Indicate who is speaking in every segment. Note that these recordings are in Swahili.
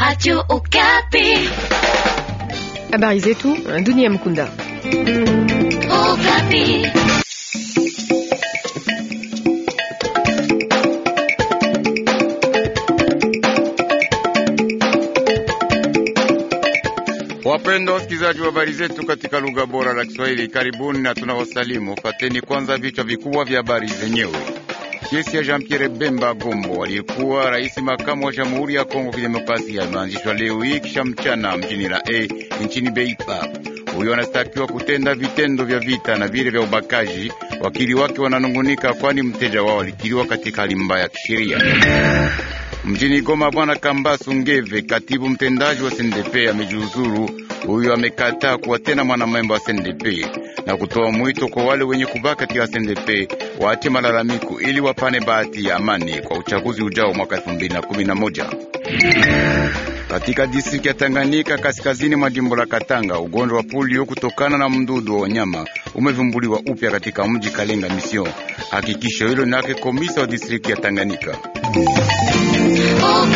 Speaker 1: Radio Okapi.
Speaker 2: Habari zetu Dunia Mkunda.
Speaker 1: Okapi.
Speaker 3: Wapendwa wasikilizaji wa habari zetu katika lugha bora la Kiswahili, karibuni na tunawasalimu. Fateni kwanza vichwa vikubwa vya habari zenyewe. Kesi ya Jean-Pierre Bemba Gombo aliyekuwa rais makamu wa Jamhuri ya Kongo Kidemokrasia imeanzishwa leo hii kisha mchana mjini la A nchini Beipa. Huyo anastakiwa kutenda vitendo vya vita na vile vya ubakaji. Wakili wake wananungunika, kwani mteja wao alikiliwa katika hali mbaya ya kisheria. Mjini Goma, bwana Kambasu Ngeve, katibu mtendaji wa Sendepe, amejiuzuru Huyu amekataa kuwa tena mwanamemba wa SNDP na kutoa mwito kwa wale wenye kubaki katika SNDP waache malalamiko ili wapane bahati ya amani kwa uchaguzi ujao mwaka 2011. Katika distrikti ya Tanganyika kaskazini mwa jimbo la Katanga, ugonjwa wa polio kutokana na mdudu wa wanyama umevumbuliwa upya katika mji Kalenga Misio. Hakikisho hilo nake komisa wa distrikti ya Tanganyika. Oh,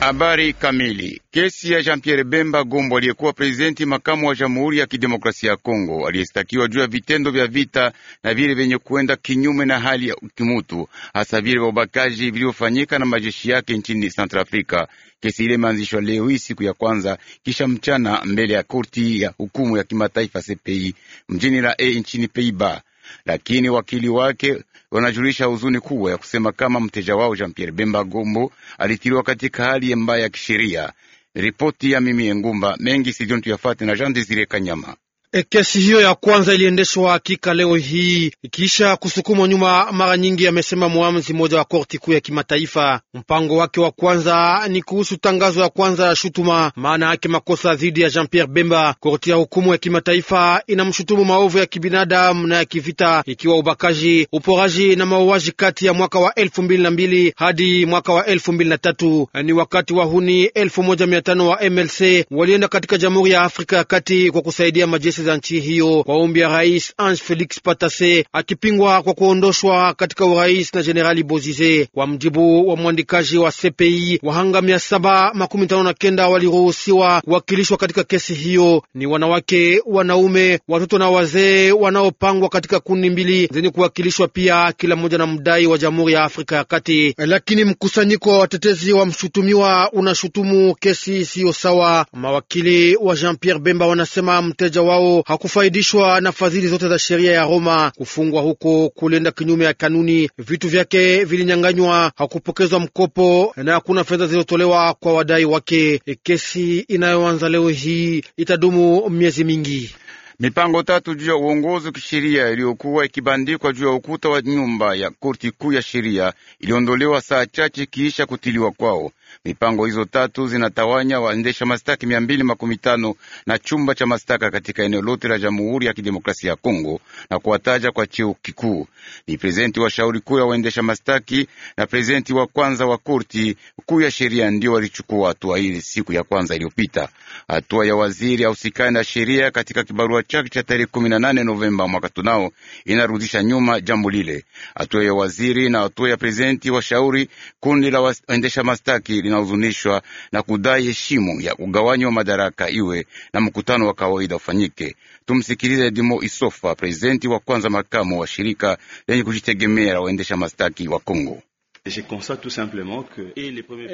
Speaker 3: Habari kamili. Kesi ya Jean-Pierre Bemba Gombo, aliyekuwa prezidenti makamu wa Jamhuri ya Kidemokrasia ya Kongo, aliyestakiwa juu ya vitendo vya vita na vile vyenye kuenda kinyume na hali ya kimutu, hasa vile vya ubakaji vilivyofanyika na majeshi yake nchini centrafrica Kesi ile imeanzishwa leo hii siku ya kwanza kisha mchana mbele ya korti ya hukumu ya kimataifa CPI mjini la e nchini Peiba lakini wakili wake wanajulisha huzuni kubwa ya kusema kama mteja wao Jean Pierre Bemba Gombo alitiliwa katika hali mbaya ya kisheria. Ripoti ya mimi Ngumba mengi sijontu yafati na Jean Desire Kanyama.
Speaker 4: E, kesi hiyo ya kwanza iliendeshwa hakika leo hii kisha kusukumwa nyuma mara nyingi, amesema muamuzi mmoja wa korti kuu ya kimataifa. Mpango wake wa kwanza ni kuhusu tangazo ya kwanza ya shutuma, maana yake makosa dhidi ya Jean Pierre Bemba. Korti ya hukumu ya kimataifa inamshutumu maovu ya kibinadamu na ya kivita, ikiwa ubakaji, uporaji na mauaji kati ya mwaka wa elfu mbili na mbili hadi mwaka wa elfu mbili na tatu e, Ni wakati wa huni elfu moja mia tano wa MLC walienda katika Jamhuri ya Afrika ya Kati kwa kusaidia majeshi kisiasa za nchi hiyo kwa ombi ya rais Ange Felix Patase, akipingwa kwa kuondoshwa katika urais na Jenerali Bozize. Kwa mjibu wa mwandikaji wa CPI, wahanga mia saba makumi tano na kenda waliruhusiwa kuwakilishwa katika kesi hiyo, ni wanawake, wanaume, watoto na wazee wanaopangwa katika kundi mbili zenye kuwakilishwa pia, kila mmoja na mdai wa Jamhuri ya Afrika ya Kati. Lakini mkusanyiko wa watetezi wa mshutumiwa unashutumu kesi isiyo sawa. Mawakili wa Jean Pierre Bemba wanasema mteja wao hakufaidishwa na fadhili zote za sheria ya Roma. Kufungwa huko kulienda kinyume ya kanuni, vitu vyake vilinyanganywa, hakupokezwa mkopo na hakuna fedha zilizotolewa kwa wadai wake. Kesi inayoanza leo hii itadumu miezi mingi.
Speaker 3: Mipango tatu juu ya uongozi wa kisheria iliyokuwa ikibandikwa juu ya ukuta wa nyumba ya korti kuu ya sheria iliondolewa saa chache kiisha kutiliwa kwao. Mipango hizo tatu zinatawanya waendesha mastaki mia mbili makumi tano na chumba cha mashtaka katika eneo lote la Jamhuri ya Kidemokrasia ya Kongo na kuwataja kwa cheo kikuu. Ni prezidenti wa shauri kuu ya waendesha mastaki na prezidenti wa kwanza wa korti kuu ya sheria ndio walichukua hatua hili siku ya kwanza iliyopita. Hatua ya waziri ausikani na sheria katika kibarua chake cha tarehe kumi na nane Novemba mwaka tunao inarudisha nyuma jambo lile. Hatua ya waziri na hatua ya prezidenti wa shauri kundi la waendesha mastaki hili linahuzunishwa na kudai heshimu ya ugawanyi wa madaraka iwe na mkutano wa kawaida ufanyike. Tumsikilize Edimo Isofa, prezidenti wa kwanza makamu wa shirika lenye kujitegemea la waendesha mastaki wa Kongo.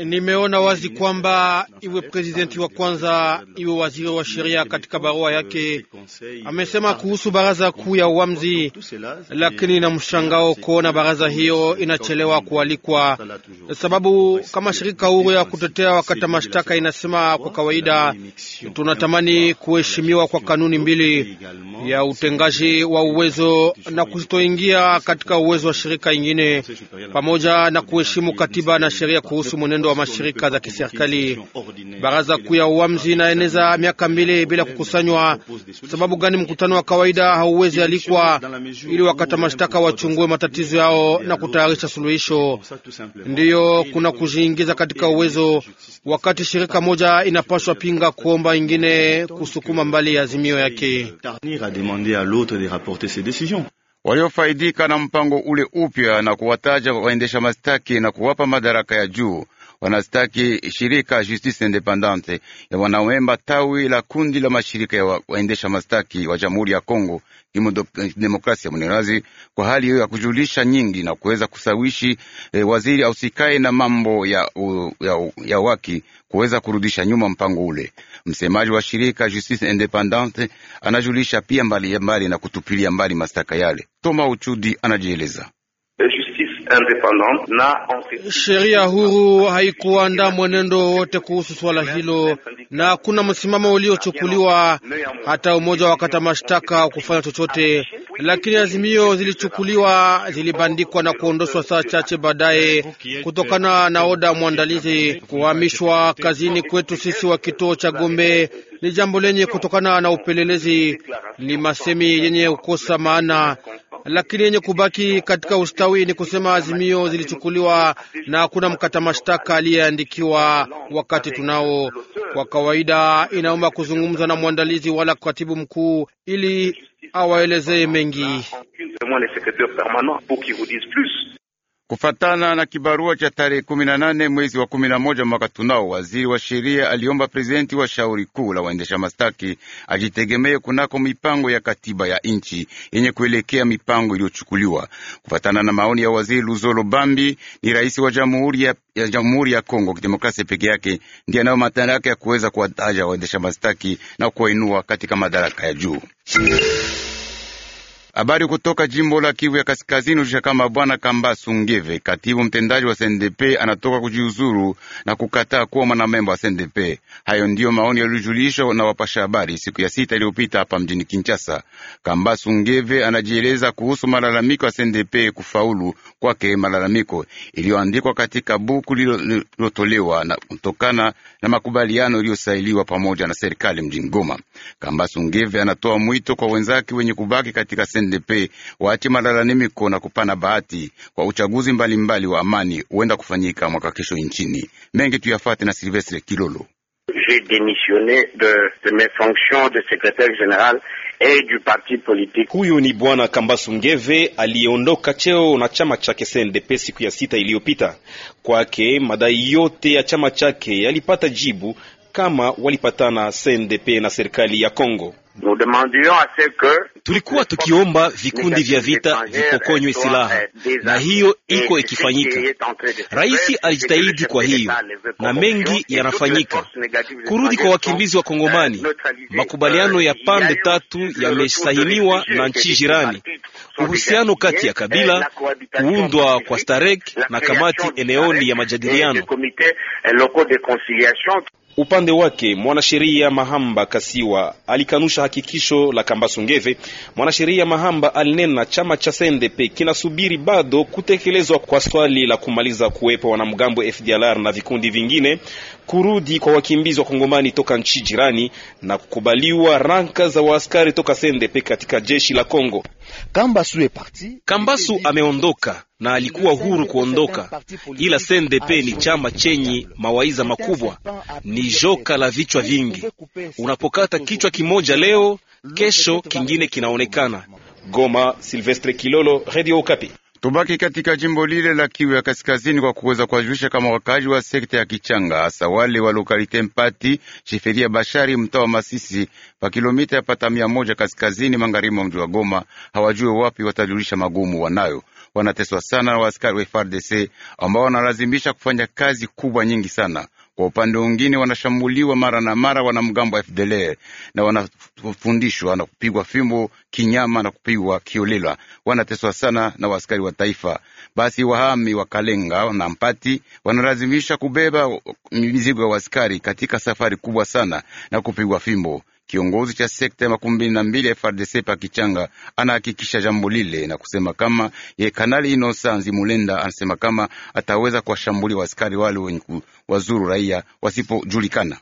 Speaker 4: Nimeona wazi kwamba iwe presidenti wa kwanza iwe waziri wa sheria, katika barua yake amesema euh, kuhusu baraza kuu ya uamzi, lakini na mshangao kuona baraza hiyo inachelewa kualikwa, sababu kama shirika huru ya kutetea wakata mashtaka inasema kwa kawaida tunatamani kuheshimiwa kwa kanuni mbili ya utengaji wa uwezo na kutoingia katika uwezo wa shirika ingine pamoja na kuheshimu katiba na sheria kuhusu mwenendo wa mashirika za kiserikali. Baraza kuu ya uamuzi inaeneza miaka mbili bila kukusanywa. Sababu gani mkutano wa kawaida hauwezi alikwa ili wakata mashtaka wachungue matatizo yao na kutayarisha suluhisho? Ndiyo, kuna kujiingiza katika uwezo, wakati shirika moja inapaswa pinga kuomba ingine kusukuma mbali azimio yake
Speaker 3: waliofaidika na mpango ule upya na kuwataja waendesha mastaki na kuwapa madaraka ya juu. Wanastaki shirika Justice Independante ya wanawemba tawi la kundi la mashirika ya waendesha mastaki wa Jamhuri ya Kongo Demokrasia mwenerazi kwa hali hiyo ya kujulisha nyingi na kuweza kusawishi e, waziri ausikae na mambo ya, u, ya, ya waki kuweza kurudisha nyuma mpango ule. Msemaji wa shirika Justice Independante anajulisha pia mbali mbali na kutupilia mbali mashtaka yale. Toma Uchudi anajieleza
Speaker 4: Sheria huru haikuandaa mwenendo wote kuhusu swala hilo, na hakuna msimamo uliochukuliwa, hata umoja wa kata mashtaka wa kufanya chochote, lakini azimio zilichukuliwa, zilibandikwa na kuondoshwa saa chache baadaye, kutokana na oda mwandalizi. Kuhamishwa kazini kwetu sisi wa kituo cha Gombe ni jambo lenye kutokana na upelelezi, ni masemi yenye ukosa maana lakini yenye kubaki katika ustawi ni kusema azimio zilichukuliwa na hakuna mkata mashtaka aliyeandikiwa. Wakati tunao kwa kawaida, inaomba kuzungumza na mwandalizi wala katibu mkuu ili awaelezee mengi.
Speaker 3: Kufatana na kibarua cha tarehe kumi na nane mwezi wa kumi na moja mwaka tunao, waziri wa sheria aliomba prezidenti wa shauri kuu la waendesha mastaki ajitegemee kunako mipango ya katiba ya nchi yenye kuelekea mipango iliyochukuliwa. Kufatana na maoni ya waziri Luzolo Bambi, ni rais wa jamhuri ya, ya jamhuri ya Kongo kidemokrasia peke yake ndiye anayo madaraka ya kuweza kuwataja waendesha mastaki na kuwainua katika madaraka ya juu. Habari kutoka jimbo la Kivu ya Kaskazini usha kama bwana Kamba Sungeve, katibu mtendaji wa SNDP, anatoka kujiuzuru na kukataa kuwa mwanamemba wa SNDP. Hayo ndiyo maoni yaliyojulishwa na wapasha habari siku ya sita iliyopita hapa mjini Kinshasa. Kamba Sungeve anajieleza kuhusu malalamiko ya SNDP kufaulu kwake, malalamiko iliyoandikwa katika buku lililotolewa na kutokana na makubaliano iliyosailiwa pamoja na serikali mjini Goma. Kamba Sungeve anatoa mwito kwa wenzake wenye kubaki katika SNDP UNDP malala malalamiko na kupana bahati kwa uchaguzi mbalimbali mbali wa amani huenda kufanyika mwaka kesho nchini. Mengi tuyafate na Silvestre Kilolo.
Speaker 1: J'ai démissionné de, de mes fonctions de secrétaire général du parti Huyu ni bwana Kambasu Ngeve aliyeondoka cheo na chama chake CNDP siku ya sita iliyopita. Kwake madai yote ya chama chake yalipata jibu kama walipatana CNDP na serikali ya Kongo. Tulikuwa tukiomba vikundi vya vita vipokonywe silaha
Speaker 3: na hiyo iko ikifanyika. Rais alijitahidi kwa hiyo, na mengi
Speaker 2: yanafanyika. Kurudi kwa wakimbizi wa Kongomani, makubaliano ya pande tatu
Speaker 1: yamesahiniwa na nchi jirani, uhusiano kati ya kabila, kuundwa kwa starek na kamati eneoni ya majadiliano. Upande wake mwanasheria Mahamba Kasiwa alikanusha hakikisho la Kambasungeve. Mwanasheria Mahamba alinena chama cha Sendepe kinasubiri bado kutekelezwa kwa swali la kumaliza kuwepo wanamgambo FDLR na vikundi vingine, kurudi kwa wakimbizi wa Kongomani toka nchi jirani na kukubaliwa ranka za waaskari toka Sendepe katika jeshi la Kongo. Kambasu, Kambasu ameondoka na alikuwa huru kuondoka, ila CNDP ni chama chenye mawaiza makubwa, ni joka la vichwa vingi. Unapokata kichwa kimoja leo,
Speaker 3: kesho kingine kinaonekana. Goma, Silvestre Kilolo, Radio Okapi. Tubaki katika jimbo lile la Kivu ya kaskazini kwa kuweza kuwajulisha kama wakaaji wa sekta ya Kichanga, hasa wale wa lokalite Mpati, sheferi Bashari, mtaa wa Masisi, pa kilomita ya pata mia moja kaskazini magharibi mwa mji wa Goma, hawajue wapi watajulisha magumu wanayo. Wanateswa sana na askari wa frdc ambao wanalazimisha kufanya kazi kubwa nyingi sana kwa upande mwingine, wanashambuliwa mara na mara wanamgambo wa FDLR na wanafundishwa na kupigwa fimbo kinyama na kupigwa kiolela, wanateswa sana na waaskari wa taifa. Basi wahami wa Kalenga na Mpati wanalazimisha kubeba mizigo ya waaskari katika safari kubwa sana na kupigwa fimbo. Kiongozi cha sekta ya makumi mbili na mbili FRDC Pakichanga anahakikisha jambo lile na kusema kama ye Kanali Inosa Nzimulenda anasema kama ataweza kuwashambulia waskari wale wenye kuwazuru raia wasipojulikana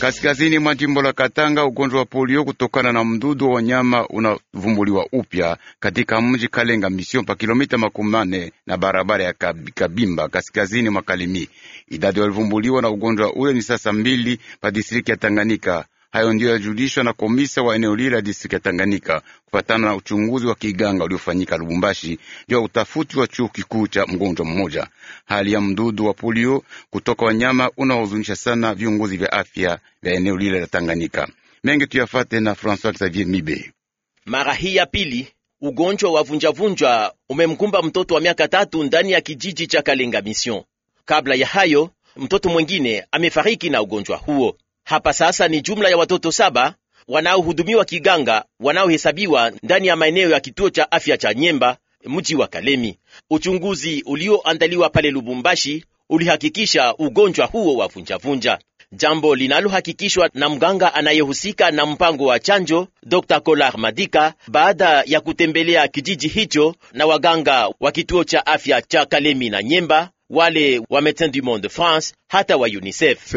Speaker 3: kaskazini mwa jimbo la Katanga. Ugonjwa wa polio kutokana na mdudu wa wanyama unavumbuliwa upya katika mji Kalenga Mission, pa kilomita makumi na barabara ya Kabimba, kaskazini mwa Kalemi. Idadi walivumbuliwa na ugonjwa ule ni sasa mbili pa distriki ya Tanganyika Hayo ndiyo yajulishwa na komisa wa eneo lile la distrikti ya Tanganyika kufatana na uchunguzi wa kiganga uliofanyika Lubumbashi juu ya utafuti wa chuo kikuu cha mgonjwa mmoja. Hali ya mdudu wa polio kutoka wanyama unaohuzunisha sana viongozi vya afya vya eneo lile la Tanganyika. Mengi tuyafate na Francois Xavier Mibe.
Speaker 2: Mara hii ya pili ugonjwa wa vunjavunjwa umemkumba mtoto wa miaka tatu ndani ya kijiji cha Kalenga Mission. Kabla ya hayo mtoto mwingine amefariki na ugonjwa huo. Hapa sasa ni jumla ya watoto saba wanaohudumiwa kiganga wanaohesabiwa ndani ya maeneo ya kituo cha afya cha Nyemba, mji wa Kalemi. Uchunguzi ulioandaliwa pale Lubumbashi ulihakikisha ugonjwa huo wa vunjavunja, jambo linalohakikishwa na mganga anayehusika na mpango wa chanjo Dr. Kolar Madika baada ya kutembelea kijiji hicho na waganga wa kituo cha afya cha Kalemi na Nyemba wale wa Medecins du Monde France hata wa UNICEF.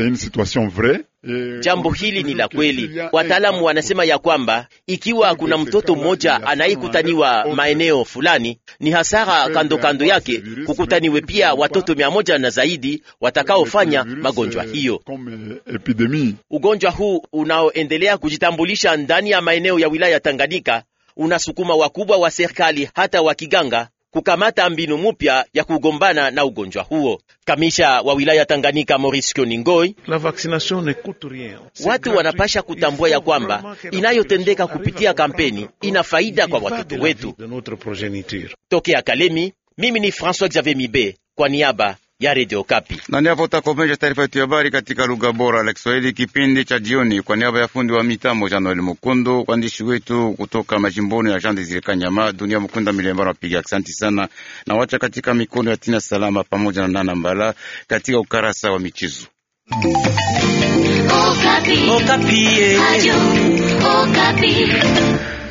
Speaker 2: Jambo hili ni la kweli. Wataalamu wanasema ya kwamba ikiwa kuna mtoto mmoja anayekutaniwa maeneo fulani, ni hasara kando kando yake kukutaniwe pia watoto mia moja na zaidi watakaofanya magonjwa euh, hiyo. Ugonjwa huu unaoendelea kujitambulisha ndani ya maeneo ya wilaya Tanganyika unasukuma wakubwa wa serikali hata wa kiganga kukamata mbinu mupya ya kugombana na ugonjwa huo. Kamisha wa wilaya Tanganyika Maurice Kioningoi, watu wanapasha kutambua ya kwamba inayotendeka kupitia kampeni ina faida kwa watoto wetu. Tokea Kalemi, mimi ni François Xavier Mibe
Speaker 3: kwa niaba ya Radio Kapi. Na niapo takomesha taarifa yetu ya habari katika lugha bora la Kiswahili kipindi cha jioni, kwa niaba ya fundi wa mitambo Jean Noel Mukundo, waandishi wetu kutoka majimboni ya Jean Desire Kanyama, dunia Mukunda Milembara napiga asante sana, na wacha katika mikono ya Tina Salama pamoja na Nana Mbala katika ukarasa wa michezo
Speaker 1: Okapi. Okapi. Eh.